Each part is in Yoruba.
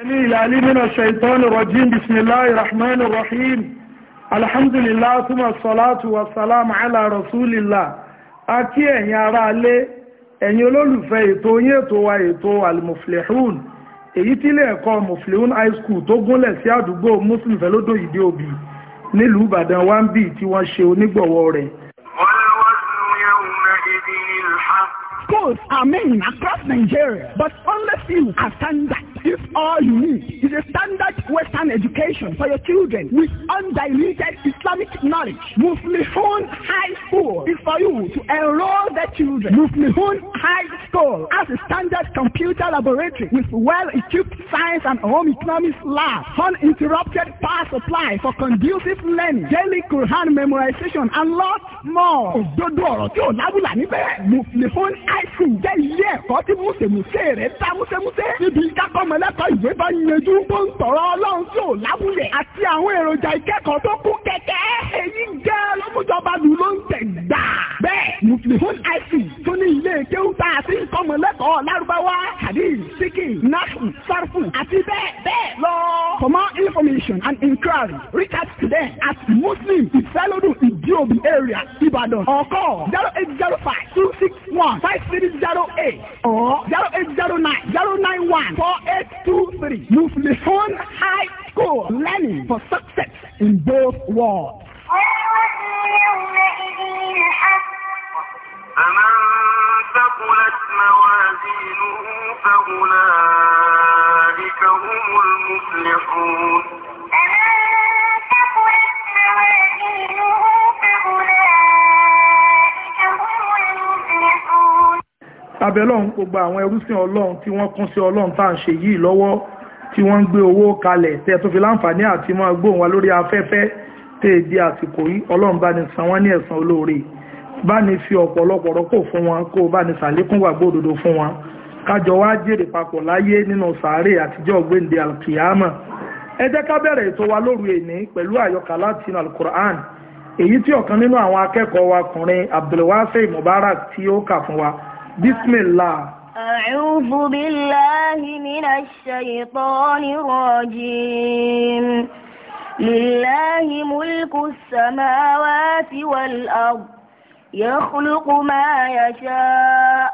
العلي من الشيطان الرجيم بسم الله الرحمن الرحيم الحمد لله ثم الصلاة والسلام على رسول الله àti ẹ̀yin ará ilé ẹ̀yin olólùfẹ́ ètò yín ètò wa ètò almuflihun èyí tí ilé ẹ̀kọ́ muflihun high school tó gúnlẹ̀ sí àdúgbò muslim fẹ́lódò ìdí òbí nílùú ìbàdàn wá ń bì tí wọ́n ṣe onígbọ̀wọ́ rẹ̀. Schools are many across Nigeria, but only few are standard all you need is a standard Western education for your children with undiluted Islamic knowledge. Muflihun High School is for you to enroll their children. Muflihun High School has a standard computer laboratory with well-equipped science and home economics lab, uninterrupted power supply for conducive learning, daily Quran memorization, and lots more. Òdodo ọ̀rọ̀ tí ò lábùlà Muflihun High School jẹ́ ilé ẹ̀kọ́ tí Mùsèmùsè rẹ̀ dá Mùsèmùsè. Níbi ìdákọ́mọlẹ́kọ̀ọ́ ìwé bá yanjú tó ń tọ̀rọ̀ ọlọ́run tí ò lábúlẹ̀ àti àwọn èròjà ìkẹ́kọ̀ọ́ tó kún kẹ̀kẹ́ èyí jẹ́ lọ́mújọba lù ló ń tẹ̀ gbà. bẹ́ẹ̀ muflihun ic tó ní ilé kéwúta àti ìkọ́mọlẹ́kọ̀ọ́ lárúbáwá hadith siki nafu sarfu àti bẹ́ẹ̀ bẹ́ẹ̀ lọ. for more information and inquiry reach out to them at muslim ifelodun idiobi area ibadan or call zero eight zero five. one five three zero eight or zero eight zero nine zero nine one four eight two three. Muflihun High School, learning for success in both worlds. فأولئك هم المفلحون abẹ́lọ́hún gbogbo àwọn ẹrúsìn ọlọ́run tí wọ́n kún sí ọlọ́run tá à ń ṣe yìí lọ́wọ́ tí wọ́n ń gbé owó kalẹ̀ tẹ́ tó fi láǹfààní àti máa gbóhùn wa lórí afẹ́fẹ́ tẹ́ di àsìkò yìí ọlọ́run bá ní san wọ́n ní ẹ̀san olóore bá ní fi ọ̀pọ̀lọpọ̀ rọ́pò fún wọn kó bá ní sàlékún wà gbódodo fún wọn kájọ wá jèrè papọ̀ láyé nínú sàárè àtijọ́ ògbéǹde alkiyama ẹ jẹ́ ká bẹ̀rẹ̀ ètò wa lóru èní pẹ̀lú àyọkà láti inú alukur'an èyí tí ọ̀kan nínú àwọn akẹ́kọ̀ọ́ wa kùnrin abdulwasai mubarak tí ó kà fún wa بسم الله أعوذ بالله من الشيطان الرجيم لله ملك السماوات والأرض يخلق ما يشاء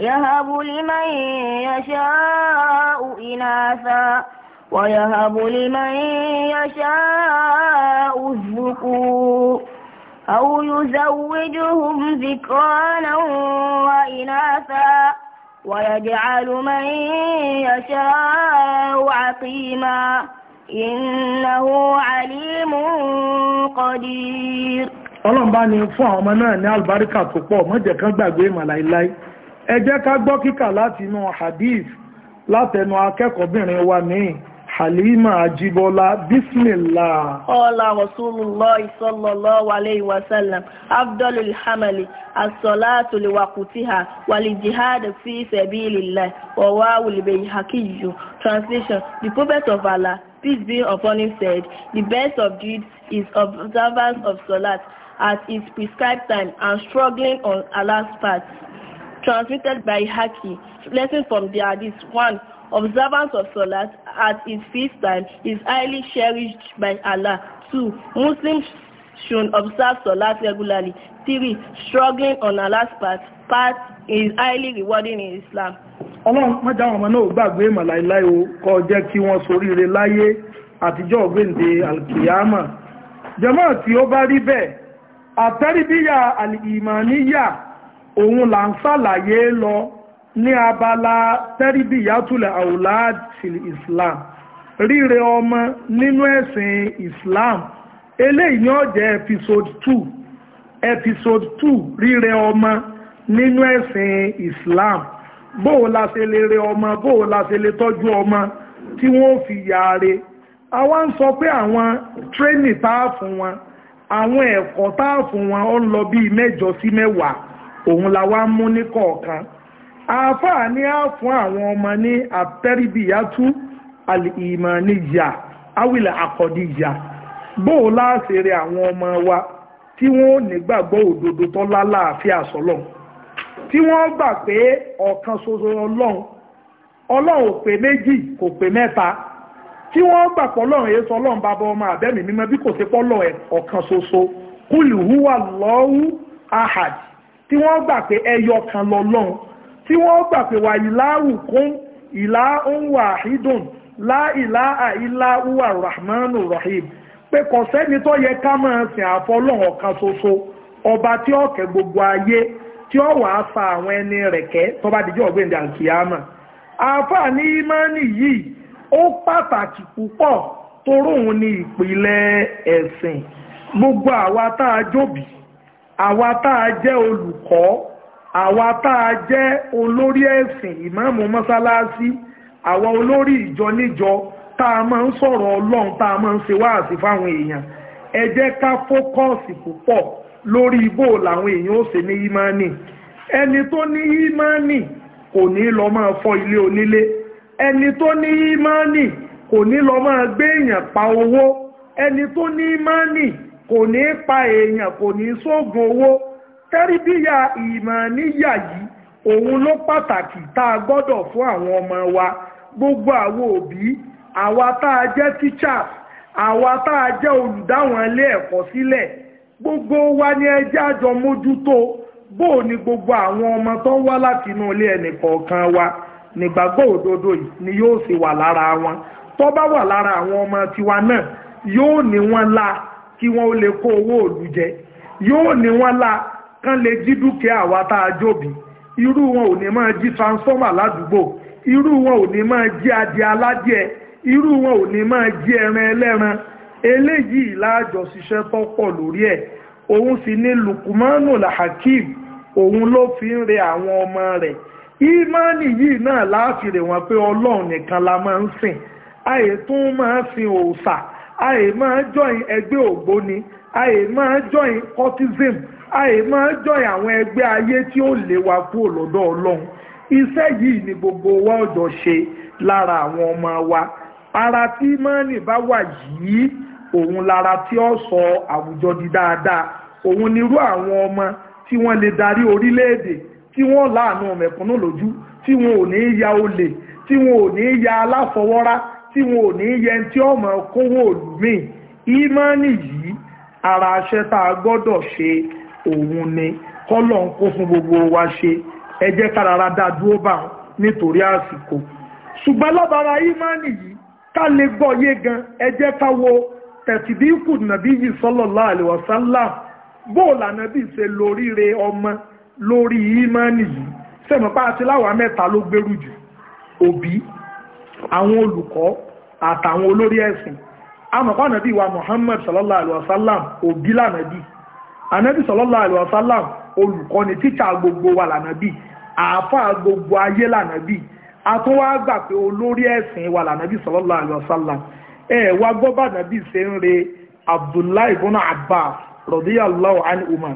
يهب لمن يشاء إناثا ويهب لمن يشاء الذكور أو يزوجهم ذكرانا وإناثا ويجعل من يشاء عقيما إنه عليم قدير ọlọ́run bá ní fún àwọn ọmọ náà ní àlùbáríkà tó pọ̀ má jẹ́ gbàgbé màláìláì ẹ ká gbọ́ kíkà láti inú hadith látẹnu akẹ́kọ̀ọ́bìnrin wa míì Halima Ajibola, Bismillah. Ọlá Rasulullah sallallahu alayhi wa Abdul Abdullul Hamali, As-salatu li wal jihad fi sabilillah, wa wawul bayhaqiyyu. Translation, the Prophet of Allah, peace be upon him said, the best of deeds is observance of salat at its prescribed time and struggling on Allah's path. Transmitted by Haki, lesson from the Hadith 1 observance of Salat at its feast time is highly cherished by Allah. Two Muslims should observe Salat regularly. Three, Struggling on Allah's path, path is highly rewarding in Islam. Ọlọ́run mọ́jà àwọn ọmọ náà gbàgbé màláìláì o kó jẹ́ kí wọ́n ṣoríire láyé àtijọ́ ògbéǹde alkiyama. Jàmáà tí ó bá rí bẹ́ẹ̀, àtẹ́rìbíyà alìmàníyà òun là ń ṣàlàyé lọ ní abala tẹ́rìbì yàtúlẹ̀ àwùláàd fil islam ríre ọmọ nínú ẹ̀sìn islam eléyìí ni ó jẹ́ episode two episode two ríre ọmọ nínú ẹ̀sìn islam bóò la ṣe lè re ọmọ bóò la ṣe lè tọ́jú ọmọ tí wọ́n fi yàre àwa ń sọ pé àwọn tírénì tá a fún wọn àwọn ẹ̀kọ́ tá a fún wọn ó ń lọ bíi mẹ́jọ sí mẹ́wàá òun la wá mú ní kọ̀ọ̀kan àáfàá ní á fún àwọn ọmọ ní àtẹ́rìbìyàtú alìmọ̀níyà awìlà àkọ́díyà bóò láàṣẹ̀rẹ̀ àwọn ọmọ wa tí wọ́n nígbàgbọ́ òdodo tó lálàáfíà sọ́lọ́n tí wọ́n gbà pé ọ̀kan ṣoṣo ọlọ́run ọlọ́run ò pé méjì kò pé mẹ́ta tí wọ́n gbà pọ̀ lọ́run èso ọlọ́run bàbá ọmọ àbẹ́mì mímọ́ bí kò sí pọ́lọ̀ ọ̀kan ṣoṣo kúlù húwà lọ́wọ́ ahad tí wọ́n gbà pé ẹyọ kan lọ́lọ́run tí wọ́n gbà pé wà ìláhù kún ìlà ń wà hídùn láìlá àìlá uwa rahmanu rahim pé kò sẹ́ni tó yẹ ká máa sìn àfọlọ́hàn ọ̀kan ṣoṣo ọba tí ó kẹ́ gbogbo ayé tí ó wàá fa àwọn ẹni rẹ̀ kẹ́ tó bá dijọ́ ọ̀gbìn dàkíyàmà àáfàá ní ìmánì yìí ó pàtàkì púpọ̀ toró ni ìpìlẹ̀ ẹ̀sìn gbogbo àwa tá a jóbi àwa tá a jẹ́ olùkọ́ àwa tá a jẹ́ olórí ẹ̀sìn ìmáàmù mọ́sálásí àwa olórí ìjọ níjọ tá a máa ń sọ̀rọ̀ ọlọ́run tá a máa ń ṣe wáàsí fáwọn èèyàn ẹ jẹ́ ká fókọ́ọ̀sì púpọ̀ lórí ibò làwọn èèyàn ó ṣe ní ímánì ẹni tó ní ímánì kò ní lọ máa fọ́ ilé onílé ẹni tó ní ímánì kò ní lọ máa gbé èèyàn pa owó ẹni tó ní ímánì kò ní pa èèyàn tẹ́rìbíyà ìmọ̀níyà yìí òun ló pàtàkì tá a gbọ́dọ̀ fún àwọn ọmọ wa gbogbo àwọn òbí àwa tá a jẹ́ teachers àwa tá a jẹ́ olùdáwọn ilé ẹ̀kọ́ sílẹ̀ gbogbo wa ni ẹjẹ́ àjọ mójútó bó o gbogbo àwọn ọmọ tó ń wá láti inú ilé ẹnì kọ̀ọ̀kan wa nígbàgbọ́ òdodo yìí ni yóò sì wà lára wọn tó bá wà lára àwọn ọmọ tiwa náà yóò ní wọn la kí wọn ó lè kó owó òlù jẹ yóò ní wọn la kán lè jí dúkìá àwa tá a jóbi irú wọn ò ní máa jí transformer ládùúgbò irú wọn ò ní máa jí adìẹ aládìẹ irú wọn ò ní máa jí ẹran ẹlẹ́ran eléyìí láàjọ ṣiṣẹ́ tó pọ̀ lórí ẹ̀ òun sì ní lukumanu lahakim òun ló fi ń re àwọn ọmọ rẹ̀ ìmánì yìí náà láàfìrè wọn pé ọlọ́run nìkan la máa ń sìn àyè tún máa sin òòṣà àyè máa jọyìn ẹgbẹ́ ògbóni àyè máa jọyìn cultism àì máa jọyìn àwọn ẹgbẹ́ ayé tí ó lè wa kúrò lọ́dọ̀ ọlọ́run iṣẹ́ yìí ni gbogbo wa ọ̀dọ̀ ṣe lára àwọn ọmọ wa ara tí mọ́ọ̀nì bá wà yìí òun lára tí ó sọ àwùjọ di dáadáa òun nírú àwọn ọmọ tí wọ́n lè darí orílẹ̀-èdè tí wọ́n láàánú mẹ̀kúnnù lójú tí wọn ò ní ya olè tí wọn ò ní ya aláfọwọ́rá tí wọn ò ní yẹ tí ọmọ kówó òlùmíì ìmọ̀ọ́nì yìí ara aṣẹ́ gbọ́dọ̀ ṣe òun ni kọ́lọ̀ ń kó fún gbogbo wa ṣe ẹ jẹ́ kárara dá bá nítorí àsìkò ṣùgbọ́n ìmánì yìí ká gbọ́ yé gan ẹ jẹ́ ká nàbí yìí sallallahu alaihi wasallam ṣe lóríire ọmọ lórí ìmánì yìí sẹ́mọ̀pá àti láwàá mẹ́ta ló gbèrú jù òbí àwọn olùkọ́ àtàwọn olórí ẹ̀sìn amọ̀pá wa Muhammad anabi sallallahu alaihi wasallam olùkọ́ni tíṣà gbogbo wa lànàbí àáfàá gbogbo ayé lànàbí a tún wá gbà pé olórí ẹ̀sìn wa lànàbí sallallahu alaihi wasallam ẹ̀ wá gbọ́ bá nàbí ṣe ń re abdullahi ibn abbas radiyallahu anhuma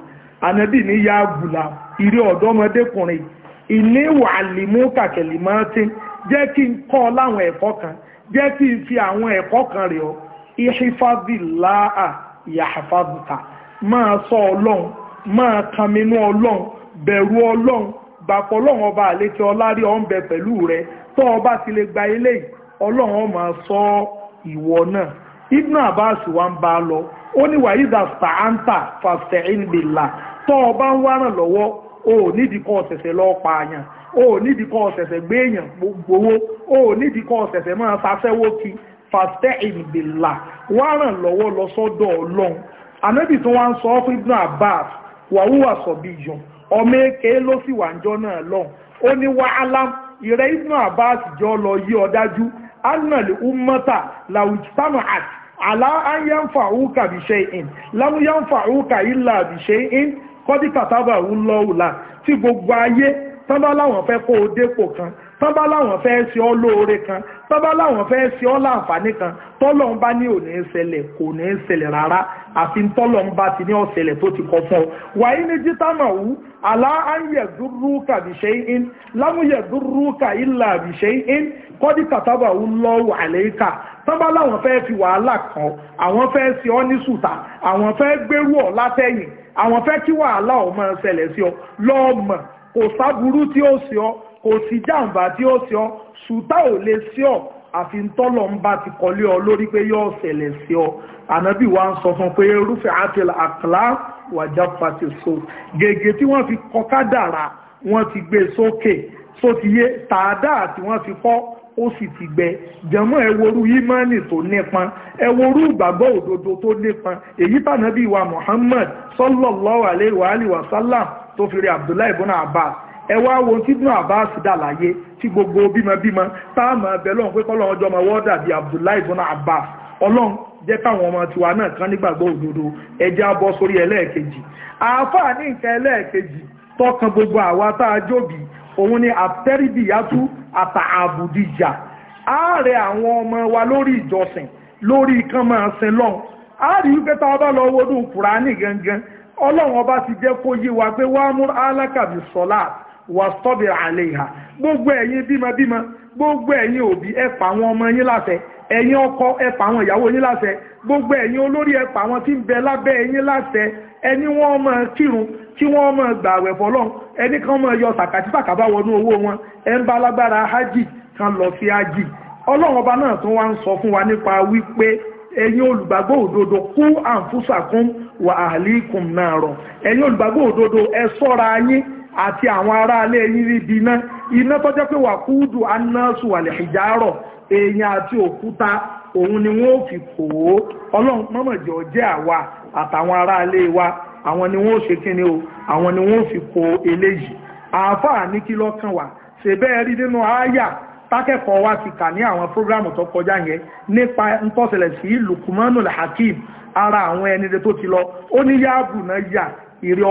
anabi ní yá gùlà ìrí ọ̀dọ́mọdékùnrin ilé wà lèmú kàkẹ́lì máa ti jẹ́ kí n kọ́ láwọn ẹ̀kọ́ kan jẹ́ kí n fi àwọn ẹ̀kọ́ kan rẹ̀ ọ́ ìhìfàbíláà yàhàfàbùkà máa sọ ọlọ́run máa kaminú ọlọ́run bẹ̀rù ọlọ́run gbàpọ̀ ọlọ́run ọba àlejò ọlárí ọ̀nbẹ pẹ̀lú rẹ tó ọba ti lè gba eléyìí ọlọ́run ó máa sọ ìwọ náà ibnu abbas wa ń bá a lọ ó ní wàyíza fàáńtà fasta'in billah tó ọba ń wárán lọ́wọ́ o nídìí kọ́ ọ̀sẹ̀sẹ̀ lọ pààyàn o ò nídìí kọ́ ọ̀sẹ̀sẹ̀ gbéèyàn gbowó o nídìí kọ́ ọ̀sẹ̀sẹ̀ máa fafẹ́wó kí fasta'in billah wárán lọ́wọ́ lọ sọ́dọ̀ ànábì tó wá ń sọ fún ibùdó abbas wàhùwà sọ̀bí yàn ọmọ èké ló sì wà ń jọ náà lọ́hùn ó ní wàhálà ìrẹ́ ibùdó abbas jọ lọ yí ọ dájú annal ummata at ala an yanfa'uka bi shay'in lam yanfa'uka illa bi shay'in kọ́dí kàtàbà ń lọ òlà tí gbogbo ayé tọ́bá láwọn fẹ́ kó o dépò kan tọ́bá láwọn fẹ́ ṣe ọ́ lóore kan tọ́bá láwọn fẹ́ ṣe ọ́ láǹfààní kan tọ́lọ́n bá ní òní ṣẹlẹ̀ kò ní ṣẹlẹ̀ rárá àfi tọ́lọ̀ ń bá ti ní ọ̀sẹ̀lẹ̀ tó ti kọ fún ọ wàyí ní jítàmà wú àlá àyẹ̀ dúrúkà bí ṣe in lámúyẹ̀ dúrúkà ìlà bí ṣe in kọ́dí kàtàbà wú lọ́wọ́ àlẹ́kà tọ́bá láwọn fẹ́ fi wàhálà kan àwọn fẹ́ sí ọ ní sùtà àwọn fẹ́ gbérú ọ látẹ̀yìn àwọn fẹ́ kí wàhálà ọ máa ṣẹlẹ̀ sí ọ lọ́ọ̀mọ̀ kò sáburú tí ó sí ọ kò sí jàǹbá tí ó sí ọ sùtà ò lè sí ọ àfi tọ́lọ̀ ń bá ti kọ́lé ọ lórí pé yóò ṣẹlẹ̀ sí ọ ànábì wa ń sọ fún pé rúfẹ́ àtẹlẹ àkàlà wàjà pàṣẹ so gègé tí wọ́n fi kọ́ kádàrà wọ́n ti gbé sókè tó ti yé tààdà tí wọ́n fi kọ́ ó sì ti gbẹ jẹmọ́ ẹwọrú ìmánì tó nípọn ẹwọrú ìgbàgbọ́ òdodo tó nípọn èyí tànábì wa Muhammad sallallahu alaihi wa alihi wa sallam tó fi rí Abdullahi ibn Abbas ẹ wá wo tí Ibn Abbas dà láyé tí gbogbo bímọbímọ táàmù abẹ́lọ́n pé kọ́lọ́ ọjọ́ ọmọ wọ́n dàbí Abdullahi ibn Abbas ọlọ́run jẹ́ káwọn ọmọ tiwa náà kan nígbàgbọ́ òdodo ẹjẹ́ abọ́ sórí ẹlẹ́ẹ̀kejì àáfàá ní nǹkan ẹlẹ́ẹ̀kejì tọkàn gbogbo àwa tá a jóbi òun ni àtẹ́rìbìyàtú àtà àbùdíjà ààrẹ àwọn ọmọ wa lórí ìjọsìn lórí kan máa sin lọ́n ààrí wípé tá a bá lọ wọnú Kùránì gangan ọlọ́run ọba ti jẹ́ kó yé wa pé wàá mú alákàbí sọ́láàtì wàstọ́bì àlèyà gbogbo ẹ̀yin bímọbímọ gbogbo ẹ̀yin òbí ẹ pa àwọn ọmọ yín láṣẹ ẹ̀yin ọkọ ẹ pa àwọn ìyàwó yín láṣẹ gbogbo ẹ̀yin olórí ẹ pa àwọn tí ń bẹ lábẹ́ yín láṣẹ ẹni wọ́n máa kírun kí wọ́n máa gbààwẹ̀ fọ́lọ́run ẹni kan máa yọ sàkàtì sàkàbá wọnú owó wọn ẹ ń bá lágbára hajj kan lọ sí hajj ọlọ́run ọba náà tún wá ń sọ fún wa nípa wípé ẹ̀yin olùgbàgbọ́ òdodo kú àǹfúsàkún wà náà rọ̀ ẹ̀yin olùgbàgbọ́ òdodo ẹ ṣọ́ra yín àti àwọn ara ale ríbi iná iná tó jẹ́ pé wà kúùdù anásù ìjárọ̀ àti òkúta òun ni wọ́n fi kò ó ọlọ́run mọ́mọ̀jọ́ jẹ́ àwa àtàwọn wa àwọn ni wọ́n ṣe kíni o àwọn ni wọ́n fi kò eléyìí àáfàá ní kí lọ́kàn wà ṣe bẹ́ẹ̀ rí nínú àáyà tákẹ́kọ̀ọ́ wa ti kà ní àwọn tó kọjá yẹn nípa ntọ́sẹ̀lẹ̀ sí Hakim ara àwọn ẹni tó ti lọ ó ní yáàbù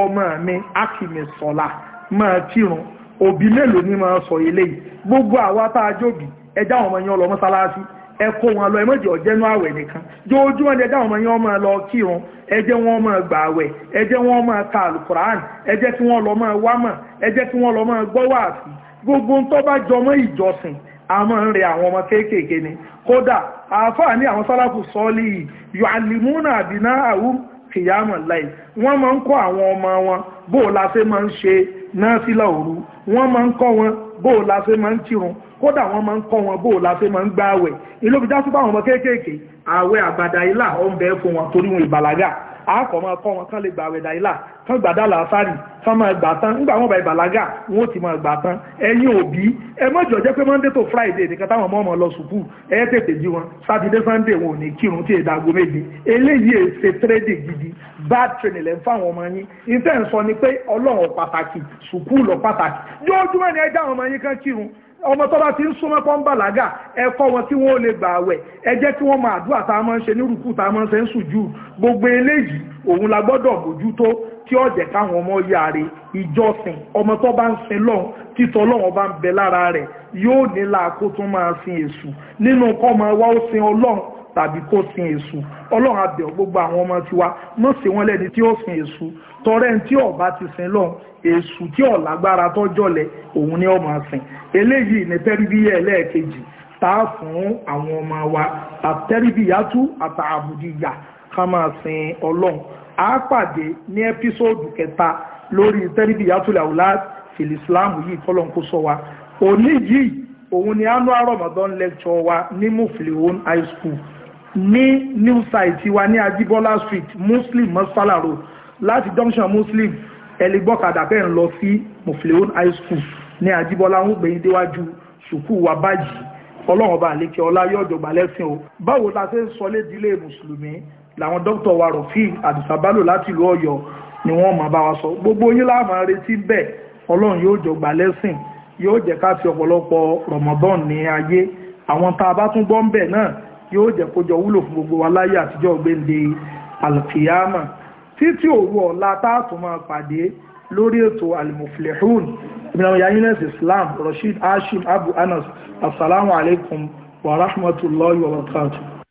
ọmọ mi akimi máa kírun òbí mélòó ní máa sọ eléyìí gbogbo àwa tá a jóbi ẹjá ọmọ yẹn lọ mọ́sálásí ẹ wọn lọ ẹmọ́jì ọ̀jẹ́nú àwẹ̀ nìkan ni ẹjá ọmọ yẹn máa lọ kírun ẹ wọn máa gbà àwẹ̀ ẹ wọn máa ka alukuran ẹ jẹ́ gbogbo ń ń àwọn ọmọ kéékèèké ni kódà àwọn sọ́ọ́lì yìí yọ àlìmúnà láì wọ́n máa ń kọ́ náfìlà òru wọ́n máa ń kọ́ wọn bóò la ṣe máa ń kírun kódà wọ́n máa ń kọ́ wọn bóò la ṣe máa ń gbààwẹ̀ ìlú fi dá sí báwọn ọmọ kéékèèké ààwẹ̀ àgbàdà ilà ọ̀ ń bẹ fún wọn torí wọn ìbàlágà àákọ̀ máa kọ́ wọn kán lè gbà wẹ̀dà ìlà kán gbàdá làásàrì kán máa gbà tán nígbà wọn bá ìbàlágà wọn ò ti máa gbà tán ẹ̀yin òbí ẹ mọ́jọ jẹ́ pé monday to friday nìkan táwọn ọmọ ọmọ lọ sùkú ẹ tètè jí wọn saturday sunday wọn ò ní kírun tí èdè aago méje eléyìí è ṣe gidi bad training lẹ́ ń fáwọn ọmọ yín ìfẹ́ ń sọ ni pé ọlọ́run pàtàkì sùkúù lọ pàtàkì yóò dúró ní ẹjọ́ àwọn ọmọ yín kan kírun ọmọ tó bá ti ń súnmọ́ pọ́n bàlágà ẹ̀kọ́ wọn tí wọ́n lè gbà àwẹ̀ ẹ jẹ́ kí wọ́n máa dúà tá a máa ń ṣe ní rúkú tá a máa ń ṣe ń sùjú gbogbo eléyìí òun la gbọ́dọ̀ bójútó tí ó jẹ́ káwọn ọmọ yáre ìjọsìn ọmọ tó bá ń sin lọ́hùn títọ́ lọ́hùn bá ń bẹ lára rẹ̀ yóò nílà kó tún máa sin èṣù nínú kọ́ máa wá ó sin ọlọ́hùn tàbí kó sin èṣù ọlọ́run abẹ̀ gbogbo àwọn ọmọ tiwa mọ̀ sí wọn lẹ́ni tí ó sin èṣù tọrẹ́ tí ọba ti sin lọ́n èṣù tí ọ̀lágbára tọ́jọ́lẹ̀ òun ni ọmọ sìn eléyìí ní tẹ́rìbíyà ẹlẹ́ẹ̀kejì tá a fún àwọn ọmọ wa àtẹ́rìbíyà tú àtàbùdíyà ká máa sin ọlọ́run a pàdé ní ẹ́písòdù kẹta lórí tẹ́rìbíyà tó làwùlá fìlìsìláàmù yìí kọ́lọ́n òun ni annual Ramadan lecture wa ní mufliun high school ní new site wa ní ajibola street muslim masfala road láti junction muslim ẹlẹgbọ́kadà bẹ́ẹ̀ ń lọ sí mufleon high school ní ajibola ń gbẹ̀yìn déwájú sùkúù wa báyìí ọlọ́run ọba àlékè ọlá yóò jọgbà lẹ́sìn o báwo la ṣe ń sọlé ìdílé mùsùlùmí làwọn dókítà wa rọ̀fí àdìsábálò láti ìlú ọ̀yọ́ ni wọ́n máa bá wa sọ gbogbo yín la máa retí bẹ́ẹ̀ ọlọ́run yóò jọgbà lẹ́sìn yóò jẹ́ ká fi ọ̀pọ̀lọpọ̀ ramadan ní ayé àwọn tá a bá tún gbọ́ ń bẹ̀ náà yóò jẹ́ kójọ wúlò fún gbogbo wa láyé àtijọ́ gbéǹde alkiyama títí òru ọ̀la táàtù máa pàdé lórí ètò almuflihun ìbìnàmọ̀ yayinus islam rashid hashim abu anas assalamu alaikum wa rahmatullahi wa barakatuh